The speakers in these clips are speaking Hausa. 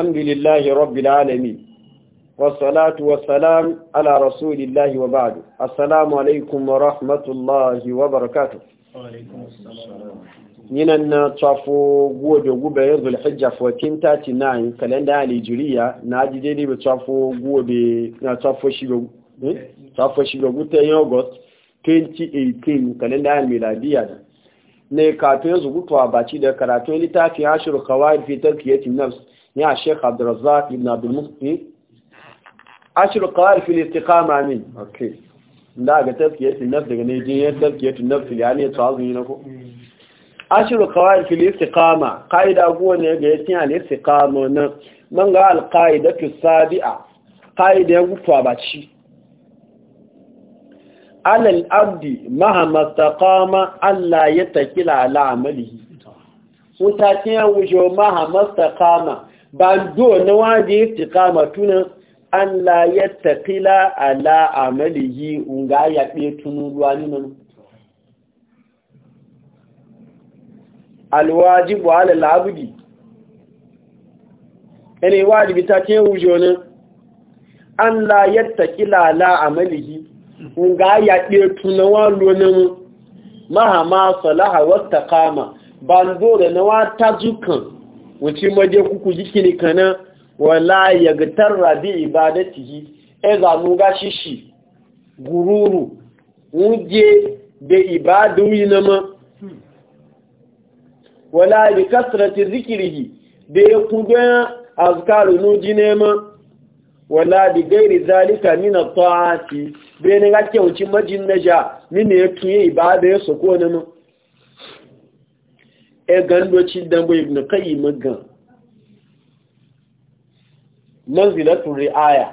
الحمد لله رب العالمين والصلاة ala rasulillahi رسول الله وبعد alaikum wa ورحمة wa وبركاته Nina na tsafo gobe gube ya zulhijja 1439 kalenda alijiriya na ajiye ne ba tsafo gobe na tsafo shiga eh? gutan august 2018 kalenda miladiya da yanzu kafin zugutuwa baci da karatun littafin ashiru kawai fitar kiyatin nafs ya Sheikh Abdurrazzaq ibn Abdul Mufti ashru qawaid fil istiqama min okay da ga tafkiyatu nafs daga ne jin yadda tafkiyatu nafs yani tsazu ne ko ashru qawaid fil istiqama qaida go ne ga yatin al istiqama nan man ga al qaidatu sabi'a qaida ya gufa baci alal abdi mahama taqama Allah ya takila ala amalihi mutakin ya wujo mahama taqama ba na waje istiqama tuna an la yattaqila ala amalihi unga ya be tunu ruwani nan wa ala labudi ene wajibi ta ce wujo ne an la yattaqila ala amalihi unga ya be tunu walo nan mahama salaha wattaqama ban do na wa tajukan wuce maje kuku ne kana wala ya gitar rabi ibadatihi e mu ga shi gururu wuje da ibadu yi na ma. wala bi kasrati zikirihi da ya kuga azkaru nuji nema wala bi gairi zalika min at-ta'ati bene ga kyauci majin naja min ya tuye ibada ya soko ma. e gandoci dambo ibn qayyim gan manzilatu riaya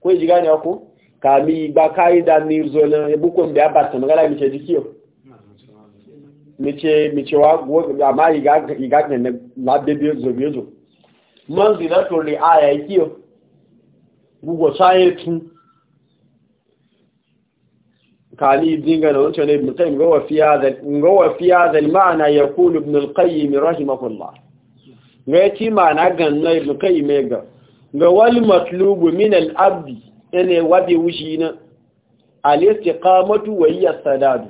ko ji gane ka mi ba kaida mirzo na ebukon da abata magala mi ce dikiyo mi ce mi ce wa go amma iga iga ne la bebe zo bezo manzilatu riaya kiyo gugo sayetu kali dinga da wancan ibn qayyim ga wafiya da ga wafiya da ma'ana yaqulu ibn al-qayyim rahimahullah ne ti ma'ana na ibn qayyim ga ga wal matlubu min al yana ene wabi wushi na al-istiqamatu wa hiya sadad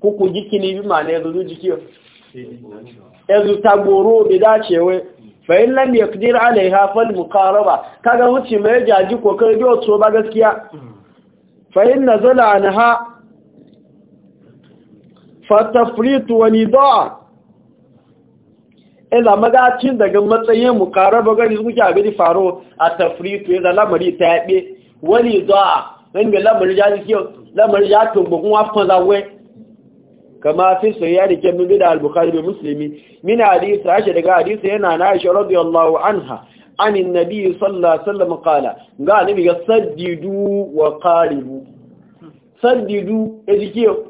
ku ku jikini bi ma'ana yanzu jiki yanzu tagoro bi dacewe fa in lam yaqdir alaiha fal muqaraba kaga wuce mai jaji ko kai do so ba gaskiya fa in nazala anha fatafritu wa nidaa ila magacin daga matsayin mu karaba gari muke abin faro a tafritu ya mari ta yabe wani da'a ringa lamari ya ji kiyo lamar ya tumbu kuma fa zawe kama fi sayyari ke min da al-bukhari da muslimi min hadisi ashe daga hadisi yana na aisha radiyallahu anha an annabi sallallahu alaihi wasallam qala ga nabi ya saddidu wa qalibu saddidu ejikiyo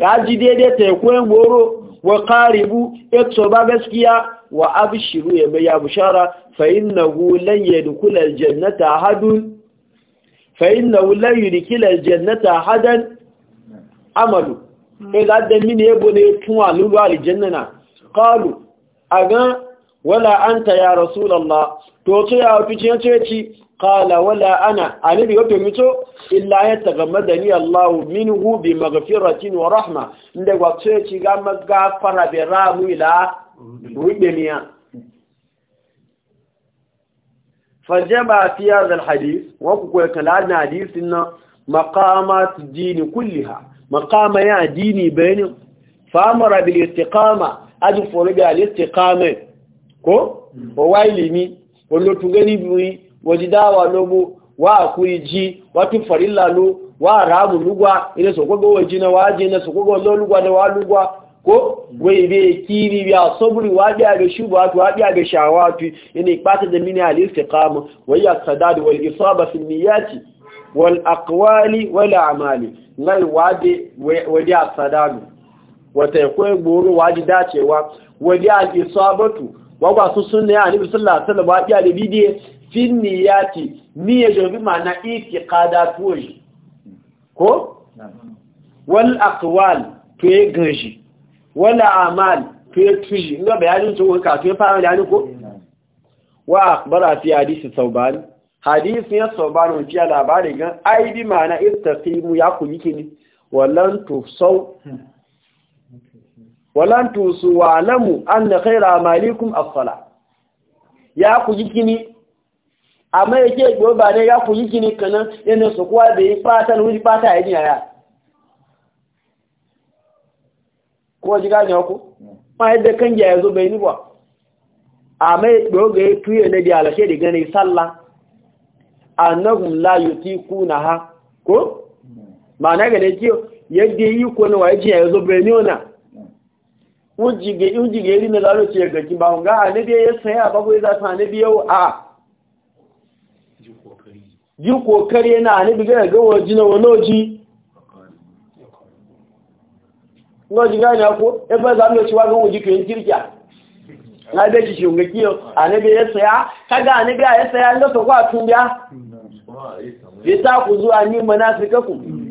ta ji daidai ta yi koyon goro wa karibu ya ba gaskiya wa abishiru ya mai ya bushara fa'in na hulon ya dukular jannata hadun fa'in na hulon ya dukular hadan amalu ya zaɗa mini ya bane tun a lura aljannana ƙalu a gan wala anta ya rasulallah to ce ya fice ce ci kala wala ana alibi wato mito illa ya madani allah minhu bi maghfiratin wa rahma inda wa ce ci ga magafara bi ramu ila rubeniya fajaba fi hadha alhadith wa ku ko kalana hadithin na maqamat din kulliha maqama ya dini bayanin famara bil istiqama ajfu riga al istiqama ko mm. wa ilimi olotu gani buri wajidawa lobo wa akuri ji watu farilla lo wa ramu lugwa ile sokogo wajina waje na sokogo lo lugwa da wa lugwa ko mm. wai be kiri biya sabri waje ga shuba to waje ga shawatu ina ipata da mini al istiqama wa ya sadad wal isaba fil niyati wal aqwali wal a'mali ngal waje waje sadad wata ko gboro waje dacewa waje al isabatu wagwa su sun ne a nabi sallallahu alaihi wasallam wa ya da bidiye fin ya niyya jobi ma'ana kada tuji ko wal akwal to ya gaji wal a'mal to ya tuji ga bayanin to ka to ya fara bayanin ko wa a fi hadisi sauban hadisi ya sauban wuce labarin gan aidi ma'ana mu ya ku kini wa wallan sau. walan tusu wa an na khaira malikum as-salah ya ku yikini amma yake go ba ne ya ku yikini kana yana su kuwa da yi fatan wuri fata yaji yaya ko ji ga ne ma yadda kan ya yazo bai ni ba amma go ga yi tuye na da alashe da gani sallah annahum la ha, ko ma na ga ne ki yadda yi ko ne wa yaji yazo bai ni ona wujige iri na zaro ce ga ki bawon ga anabi ya a babu ya zafi anabi yau a ji kokari yana anabi ga ga waje na wani ga waje gani ako ebe za mu ci wagon waje kiyin kirkiya na be shi shi ga kiyo anabi ya saya kaga anabi ya saya ga to kwa tun biya bi ta ku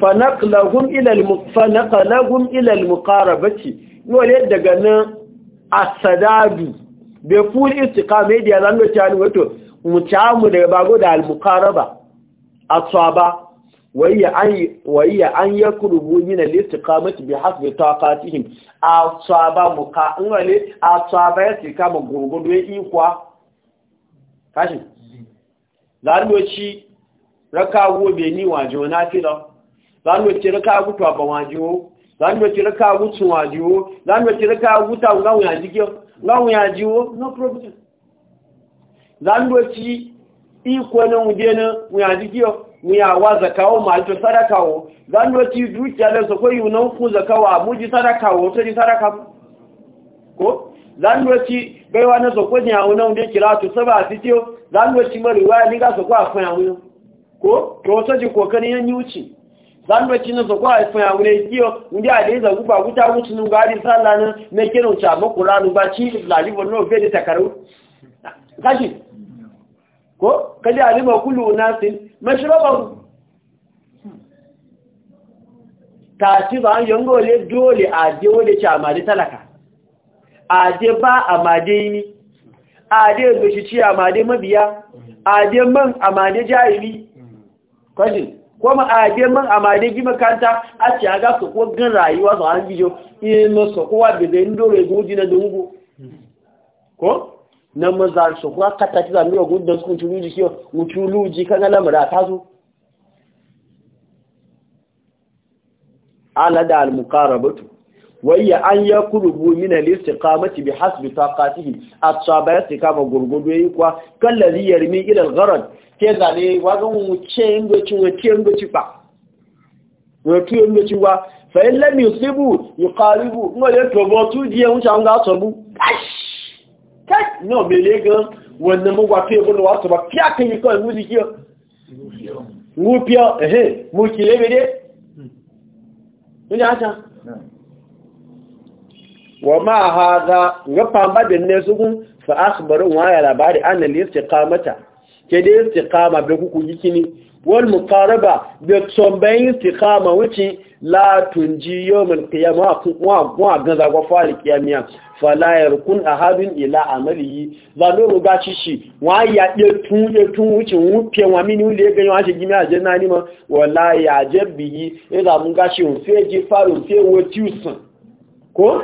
fanakalahun ilal mukarabaci wale daga nan asadadu bai fuli istikama yadda ya zan ci hannu wato mucamu daga bago da almukaraba a wai wayya an ya kurubu yi na listikamati bi hasbe takatihim a tsaba muka wale a tsaba ya tikama gurgudu ya ikwa kashi zan ci raka gobe ni wajen na filon zanu cire ka gutu a bawajiwo zanu cire ka gutu wajiwo zanu cire ka guta ngawu ya jike ngawu ya jiwo no problem zanu ci iko na ujena mu ya jike mu ya wa zakawo ma to sadakawo zanu ci dukiya da sako yi nan ku zakawa mu ji sadakawo to ji sadaka ko zanu ci baiwa na sako ne a wannan da kira to saba fitiyo zanu ci mariwa ni ga sako a fanya ko to so ji kokarin yan yuci zandoci na zakwa a fanya wune kiyo ndi a dai zagu ba guta wuce nun gari sallah nan na kiran ta ba qur'anu ba ci lalibo no fe da takaru kashi ko kadi alima kullu unasin mashrabahu ta ci ba yango le dole a je wole ci amade talaka a je ba amade ni a je bishi ci amade mabiya a je man amade jahili kashi ma a je man a made gi makanta a ci aga su ko gan rayuwa su an gijo in no su ko wa be den do rego jina da mugo ko na maza su ko ka ta tiza mi ogun da su tulu ji kiyo lu ji kan mara ta zo ala da al muqarabatu wayya an ya kurubu mina al-istiqamati bi hasbi taqatihi at-saba istiqama gurgudu yi kwa kallazi yarmi ila al-gharad ke zane wagan wuce ingo wuce ba wuce ingo ci fa in lam yusibu yuqaribu ngo le to bo tu wuce an bu kai no le wannan mu pe ba fiya kan yi mu Ni wa ma haza ga fama da ne su kun fa akhbaru wa ya labari an al istiqamata ke da istiqama be ku kuji kini wal muqaraba be tsombayin istiqama wuce la tunji yawmal qiyamah wa wa ga za go fa qiyamiya fa la yarkun ahadin ila amalihi za no ruga shi shi wa ya de tun de tun wuce wufe wa mini ule ga yawa shi gimi aje na ni ma wala ya jabbi ila mun gashi un feji faru fe wo tiusan ko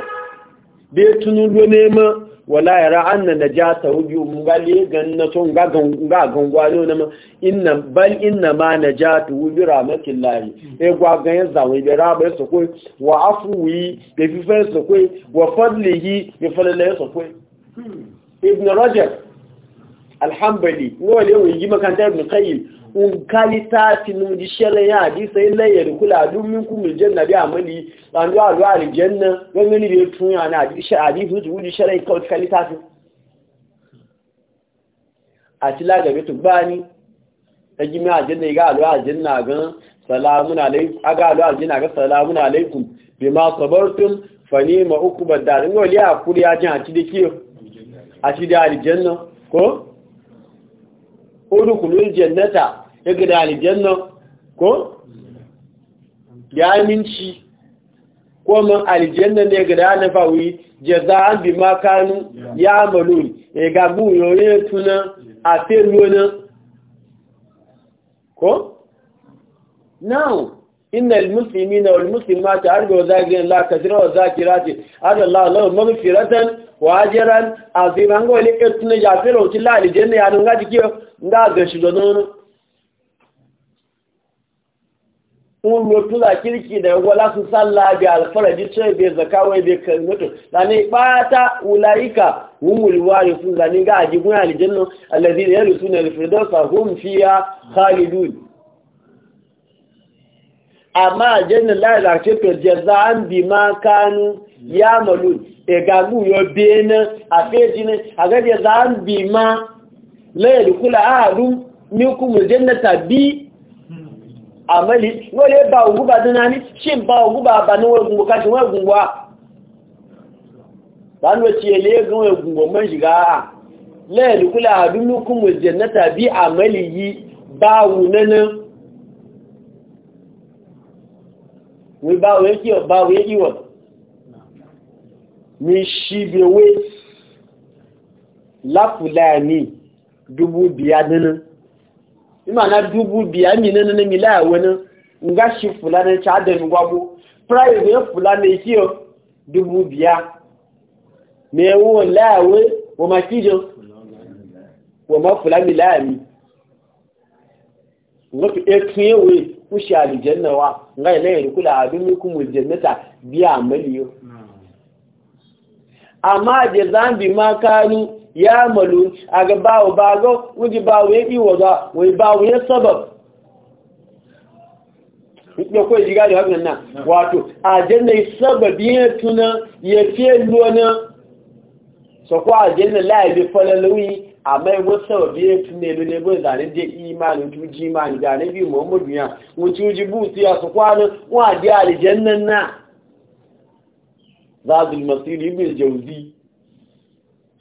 bai tunu ruwa nema wala yara anna najata hujju mun gale gan na ton ga ga gangwalo na ma inna bal inna ma najatu ubi rahmatillahi e gwa gan ya zawo bi rabai su ko wa afu afwi bi fifa su ko wa fadlihi bi fadlihi su ko ibn rajab alhambali no le yi makanta ibn qayyim nkalita tinu di shele ya di sai laye kula dun min ku mil janna bi amali bandu alu al janna gangani be tun ya na di shi adi su di shele ka kalita su atila ga bitu bani taji e mi aljanna ga alu al janna ga salamun alaikum aga alu al janna ga salamun alaikum bima sabartum fa ni ma ukubad dar ngoli a ajin ati de kiyo ati al janna ko ko dukulun jannata ya gada aljanna ko ya aminci ko man aljanna ne gada na fawi an bi makanu ya amalu ya e gabu bu tunan tuna a terwona ko now inna almuslimina walmuslimati arjo zakirin la kasira wa zakirati adallahu lahu maghfiratan wa ajran aziman go le etuna ya fero jafirar la aljanna na dunga gajikiyar nga gashi da nono un lotu da kirki da wala su salla bi alfaraji ce be zakawai be kalmatu lani bata ulaika humul warithun lani ga aji gun aljanna alladhina yarisuna a hum fiha khalidun amma aljanna la la ce to jazaan bima kanu yamalun e gagu yo bena afejine agaje bi ma. lẹ́yìn ìkúlẹ̀ ààrùn ní kúmùrù jẹ́nẹ̀ta bí àmẹ́lì wọ́n lè bá ògúbà dínà ní ṣí ń bá ògúbà àbánú ẹgbùn bọ̀káṣí wa ẹgbùn wá lánàá ti ẹ̀lẹ́ ẹgbùn ẹgbùn bọ̀ mẹ́ṣìgá lẹ́yìn ìkúlẹ̀ ààrùn ní kúmùrù jẹ́nẹ̀ta bí àmẹ́lì yìí bá wù nẹ́nà wọ́n bá wọ́n kí ọba wọ́n dubu biya nini imana dubu biya mi nini ni mila wani nga shi na cha da mi gwabo private ya fulani kiyo dubu biya me wo lawe wa makijo wa ma mi fulani lami wato e kiyewe kushi na wa nga yi yi a yirkula abin kumul jannata biya amali hmm. amaliyo amma jazan bi ma kanu ya malu a ga bawo bago wuji bawo ya iwo za wai bawo ya sabab ya kuwa jiga da hakan nan wato a jannai sababi ya tuna ya fiye lona so kuwa a jannai laibi falalwi a mai wasu sababi ya tuna ya lona bai zane je imanin tuji imani zane biyu muhammadu ya wuce wuji busu ya su kwanan wa di alijannan na zazul masiri ibn jauzi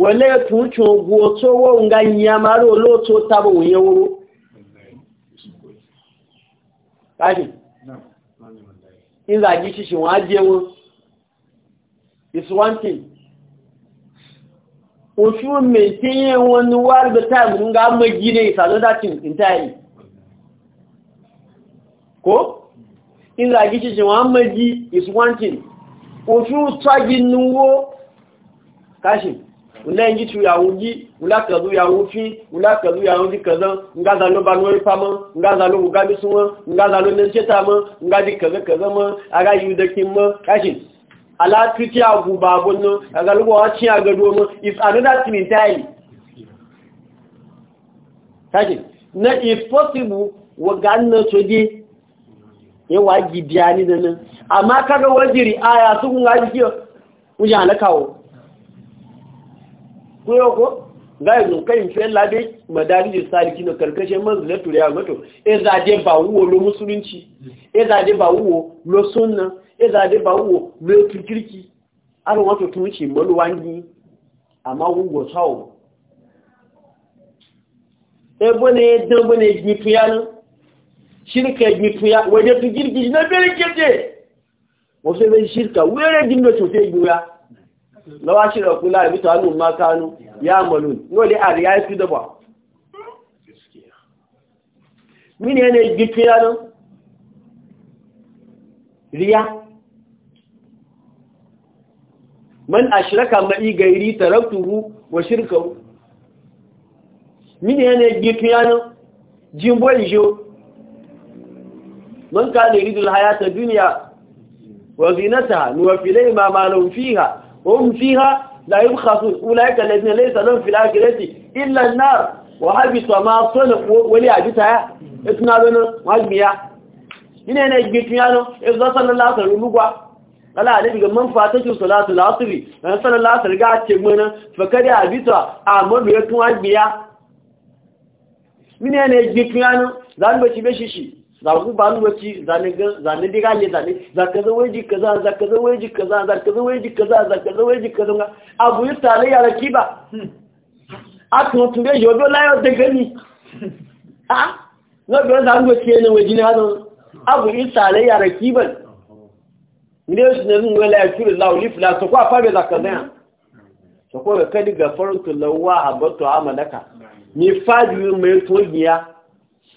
wọlé tún tún ogun ọtọ́ wọ́n ga yíya máa rí olóòtó tábò òye owó káàkiri ìzàgí ṣíṣe wọ́n á jẹ́ wọn ìsúwántì òṣù mẹ́tíyẹ wọn ni wà rí bẹ́tàmù ń ga mẹ́jì ní ìsàlọ́dátì ńlẹ́ yìí tu ìyàwó yí ńlákẹ̀lú ìyàwó fí ńlákẹ̀lú ìyàwó di kẹ̀lẹ́ ńgáza ló ba ní orí pamọ́ ńgáza ló wùgá súnmọ́ ńgáza ló ní ṣẹ́ta mọ́ ńgádi kẹ̀lẹ́kẹ̀lẹ́ mọ́ ara yìí dẹ́kí mọ́ káṣí aláàtútí àgùnbà àbọ̀nà àgàlùwọ̀ wá tí àgàdùn ọmọ is another thing entirely káṣí na if possible wọ̀gá náà tó dé yawa e gidiya ni da nan amma kaga wajiri aya su kun gaji kiyo wujen halakawo kuyo ko za yi zo kai fiye labe madarije saliki na karkashin manzilar turiya mato e zade ba wuwo lo musulunci e zade ba wuwo lo sunna e zade ba wuwo lo kirkirki an wato tun ce maluwangi amma wugo sawo e bane dan bane gituya nan shirka gifiya wajen tu na bere kete wasu bai shirka were gindo to sai guya lọ́wọ́ ṣe rọ̀kú láàrin tó hannun kánú ya malun yóò lè àríyá fi dọ́bà mini yana ibi fiya nan riya man a shiraka ma'i gairi taraktuhu wa shirkahu mini yana ibi fiya nan jimbo ijo man ka ne ridul hayata duniya wa zinata nuwa filai ma malon وهم فيها لا يبخسون أولئك الذين ليس لهم في الآخرة إلا النار وحبط ما صنف ولي عجتها اتنابنا وعجميا هنا هنا يجبتنا إذا صلى الله عليه وسلم ala ne daga man fata ce salatu lasiri dan sallar lasiri ga ce mana fa kada a bisa a madu ya tun agbiya mine ne jikin yanu zan ba ci be shi shi zaku ba ni wace zane dai ne zane zaka ka zawai ji kaza za ka zawai ji kaza za ka zawai ji kaza za ka zawai ji kaza abu yi tare yara kiba a tun tun bai yodo layar da gani a na biyar za mu wace ne waje na hannun abu yi tare yara kiban ne su ne zuwa layar kiri lauli fila su kwa fara za ka zaya su kwa ga kadi farin tulawa a batu amalaka ni fadi mai togiya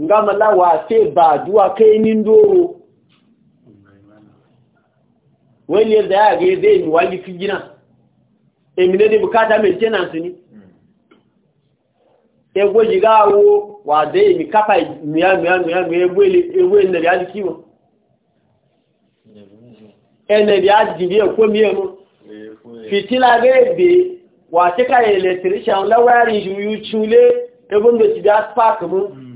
ngama lawa wa se baduwa kai nin ndoro wani yadda ya ga zai yi wani fi gina emine da bukata maintenance ni egwo jiga awo wa da yi kafa miya miya miya miya egwo ina e da yadda kiwo ene da yadda jibi ekwo e miya mu fitila ga ebe wa cika electrician lawarin shi yi cule ebe da ci da spark mu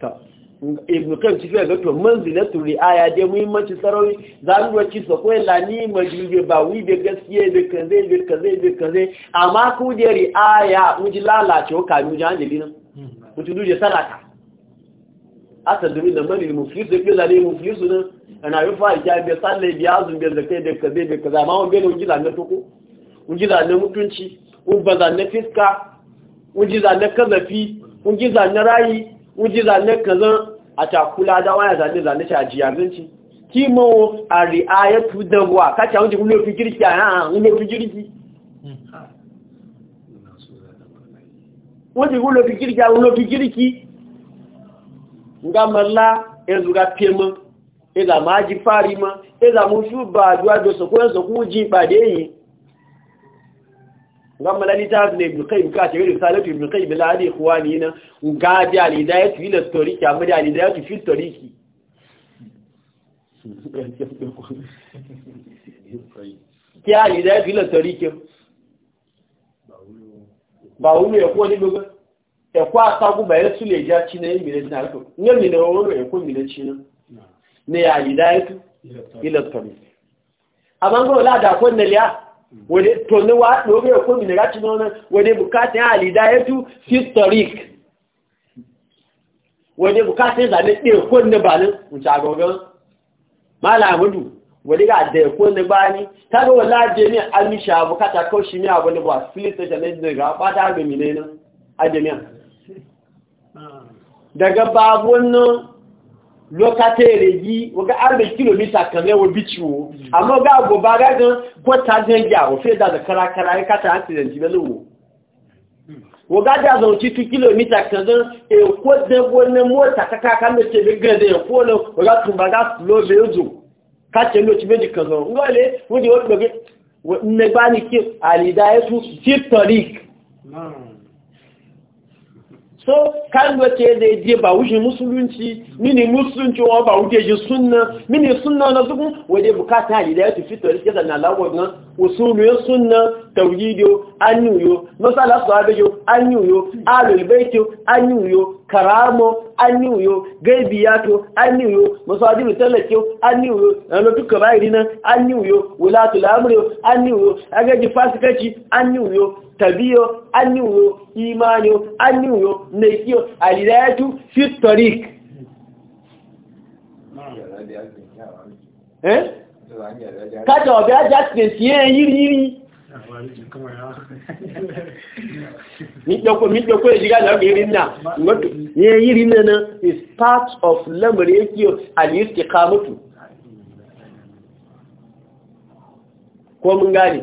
ta ibn kan ci ga to manzilatu riaya dai muhimmanci sarawi za roci sa ko la ni majube ba wi da gaskiye da kaze da kaze da kaze amma ku da riaya mu ji lalace ko kanu jan jeli nan mu ji duje salata asal dumi da mali muflis da bila ne muflis nan ana yi fa ja be salle biya azun biya zakai da kaze da kaza amma mun bele ungila na toko ungila na mutunci ubba za na fiska ungila na kazafi ungila na rayi uji zane kazan a takula da waya zane zane shi a jiyazinci kimo a ri'ayatu dabuwa kacha wajen ulo fi girki a yana ulo fi girki wajen ulo fi girki a ulo fi girki ga malla ya e zuga firman ya e zama ji fari ma ya e zama shi ba duwa da sakwai sakwu ji ba da yi gama mana littafin ne bukai buka ce yadda salatu bukai biladi kuwa ne na ga da alidayatu ila toriki amma alidai alidayatu fi toriki kí alidayatu fílẹ̀ toriki ba wúlò ẹ̀kọ́ ní gbogbo ẹ̀kọ́ àtàgùn bẹ̀rẹ̀ tún lè já china ní mìíràn náà tó ní mìíràn oòrùn ẹ̀kọ́ mìíràn china ní alidayatu ila toriki àmàgbọ́ ládàkọ́ nílẹ̀ wani toni wa lórí ẹ̀kọ́ mi nìra ti náà wani bukatun alidayatu historic wani bukatun zane ɗe ẹ̀kọ́ ní ba ní ǹṣàgọ́gán malamudu wani ga da ẹ̀kọ́ ní bá Ta tàbí wọ́n láàájẹ́ ní amisha bukata ko shi ne ba ní abu nígbà ga station nigeria pátá agbèmì nínú ajẹ́míà daga babu wannan lọ́kátẹ̀ẹ̀rẹ̀ yìí wọ́gá arìnrìn kìlómítà kan lẹ́wọ́ bí tí wo àmọ́ ọgá àgbòbá gágan gọ́ta gẹ́gẹ́ àwọ̀fẹ́ dàdà kárakára ẹ́kátà àtìrẹ̀ntì mẹ́lòwò wọ́gá dàdà òtítù kìlómítà kan lẹ́n èkó dẹ́gbó so kan wace zai je ba wuce musulunci mini musulunci wa ba wuce ji sunna mini sunna na zukun waje bukata hali da ya fito to rike zanna lagos na usulu ya sunna tawhido an yuyo masala sahabiyo an yuyo alul baito an yuyo karamo an yuyo gaibiyato an yuyo masajidu talakiyo an yuyo na duka bayirina an yuyo wulatul amri an yuyo agaji fasikaci an yuyo tabiyo anniwo imaniyo anniwo nekiyo alidayatu fi tariq eh kaja obi aja ti si en yiri yiri mi joko mi joko ejiga na yiri na ngoto ni yiri na is part of lamri ekiyo alistiqamatu ko mun gani.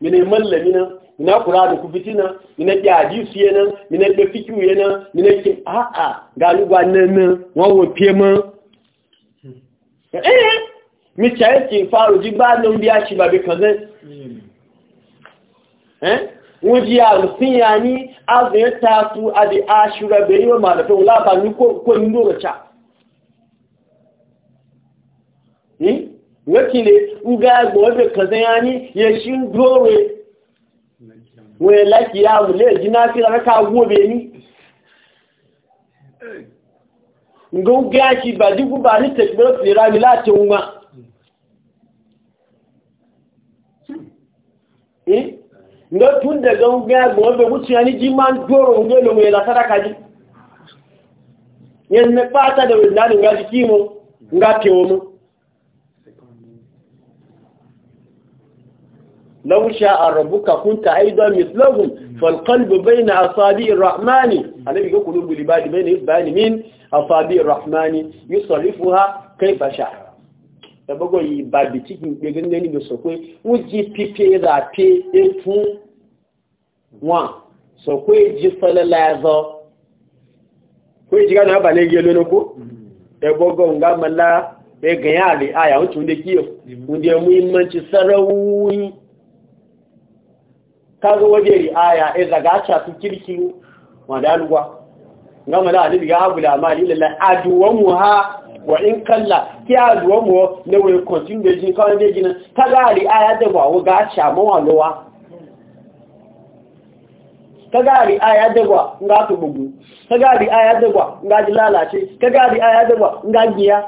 mine mallami nan mina kula da ku fitina mina ki hadisi yana mina ki fikiu yana mina ki a a galuwa nan nan wawo pema eh mi chaye ki faru ji ba nan biya shi ba be kazan eh wuji ya rusin ya ni azu ya tasu a di ashura be yi wa malafa wula ba ni ko ko ni do cha eh uga ugagbo obe kazan yani ya shi dore wai laki ya wule jina fi da ka gobe ni ngon ki ba duku ba ni tekbir fira mi la tunwa eh ndo tun daga ugagbo obe wuci yani goro doro lo wai la ka ji yen ne pata da wai na ngaji kimo ngate omo لو شاء ربك كنت أيضا مثلهم فالقلب بين أصابع الرحمن أنا بيقول قلوب العباد بين إصبعين من أصابع الرحمن يصرفها كيف شاء sabago yi ba bi cikin gbegin gani da sokwe wuji pipe rafe etun wọn sokwe ji falala ẹzọ kwe ji gana ba ne gelo noko ẹgbogbo nga mala ẹgbẹ̀yàn àrí àyà ń tún lé kí o ń dẹ̀ mú imanci sarawuyi ka zo waje ri'aya eh zaga ta su kirki madaluwa ngama da alibi ga da mali lillahi aduwan ha wa in kalla ki aduwan mu ne we continue da jin kawai da gina ka ga ri'aya da ba wa ga ta mawalowa kagari aya dagwa nga to bugu kagari aya dagwa nga ji lalace aya nga giya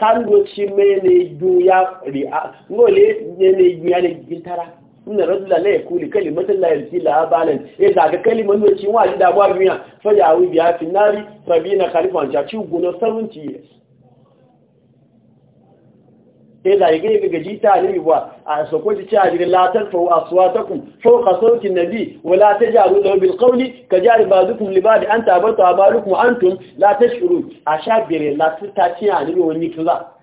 kan do chi mele du ya ri ngole ne ne giya ne gintara inna rajula la yakuli kalimatan la yalki la balan eh daga kalimar mai cin wani damuwa duniya fa ya wi biya fi nari rabina khalifan ja ci gona sarunci eh da yake ga jita ne wa a sokoji ci ajiri la tarfu aswatakum fawqa sawti nabi wa la tajaru lahu bil qawli kajari ba'dukum li ba'd anta abatu amalukum antum la tashurun ashabire la tutaci ani wani kaza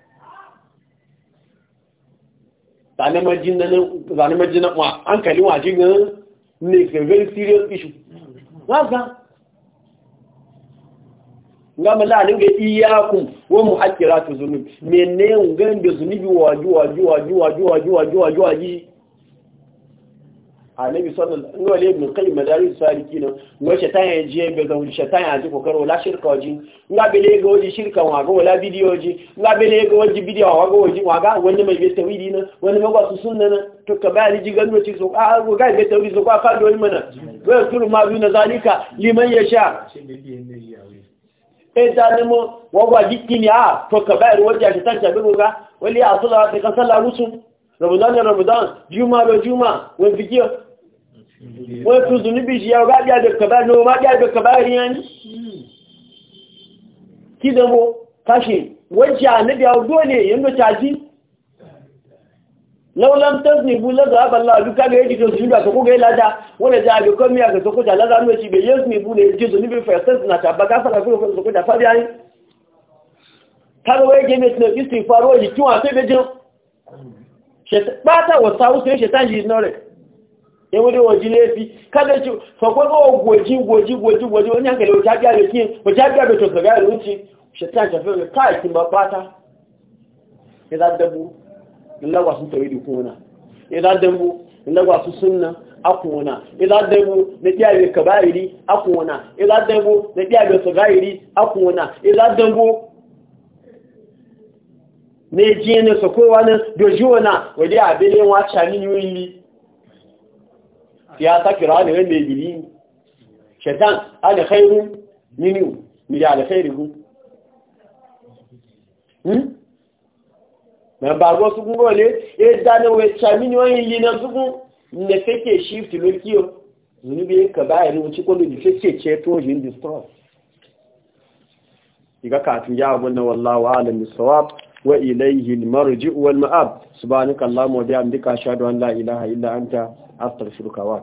zane majinan na hankali wa shi ne a very serious issue waka nga mala ga iyakum wa muhakkiratu zunub menene ngan da zunubi waju waju waju waju waju waju waju annabi sallallahu alaihi wa sallam kai madaris saliki no ngo shaitan ya je be ga ya ji kokaro la shirka waji nga bele ga waji shirka wa ga wala bidiyo ji nga bele ga waji bidiyo wa ga waji wa ga wani mai be tawidi na wani magwa su sunna na to ka ba ji gando ci so a go ga be tawidi so ka fa do yi mana wa kullu ma bi na zalika liman yasha ẹta ni mo wọ́n ah, wà jí kí ni a ah, tọkàbá ìrò wọ́n jẹ́ àṣẹta ìṣàgbégbóga wọ́n lè ta kan sálà ramadan ni ramadan juma lọ juma wọ́n fi wọ́n tún zunubi ṣíyà ọgá bí àjẹ́kọ̀bá ní ọmọ bí àjẹ́kọ̀bá rí ẹni kí dẹmọ́ káṣe wọ́n ṣe àníbí ọdún ní èyí ló ṣáájí lọ́wọ́lọ́mtọ́s ní ìbú lọ́dọ̀ abàlá àdúkà bí èjì tó ṣùgbà tó kókè ládá wọ́n lè jẹ́ àgbẹ̀kọ́ mi àgbẹ̀sọ́kọ́jà ládá ní oṣù ìbẹ̀yẹ́ sí ìbú lè jẹ́ tó níbi fẹ̀sẹ̀s nà tàbákà fàkàkùrù fẹ̀sọ̀kọ́jà fábíáyí káàkiri wọ́n jẹ́ mẹ́tìlẹ̀ kí sì faró yìí tí wọ́n àfẹ́bẹ́jọ́ pátá wọ̀ sáwọ́ sí ṣẹ̀tàn yìí náà rẹ̀ ya wuri waji laifi kada ki fakwai ga gwaji gwaji gwaji gwaji wani hankali wata biya da ki wata biya da to daga ruci shaitan shafe ga kai ya saki ne wanda ya gili shaitan alkhairu minu mi da alkhairu hmm na ba go su gungo ne e da ne we chamini wani yi na zugu ne fake shift lokiyo zunubi ka ba ya wuce ko da fake ce to jin distress iga ka tun ya wannan wallahi alim bisawab wa ilaihi al wal ma'ab subhanakallahumma wa bihamdika ashhadu an la ilaha illa anta astaghfiruka wa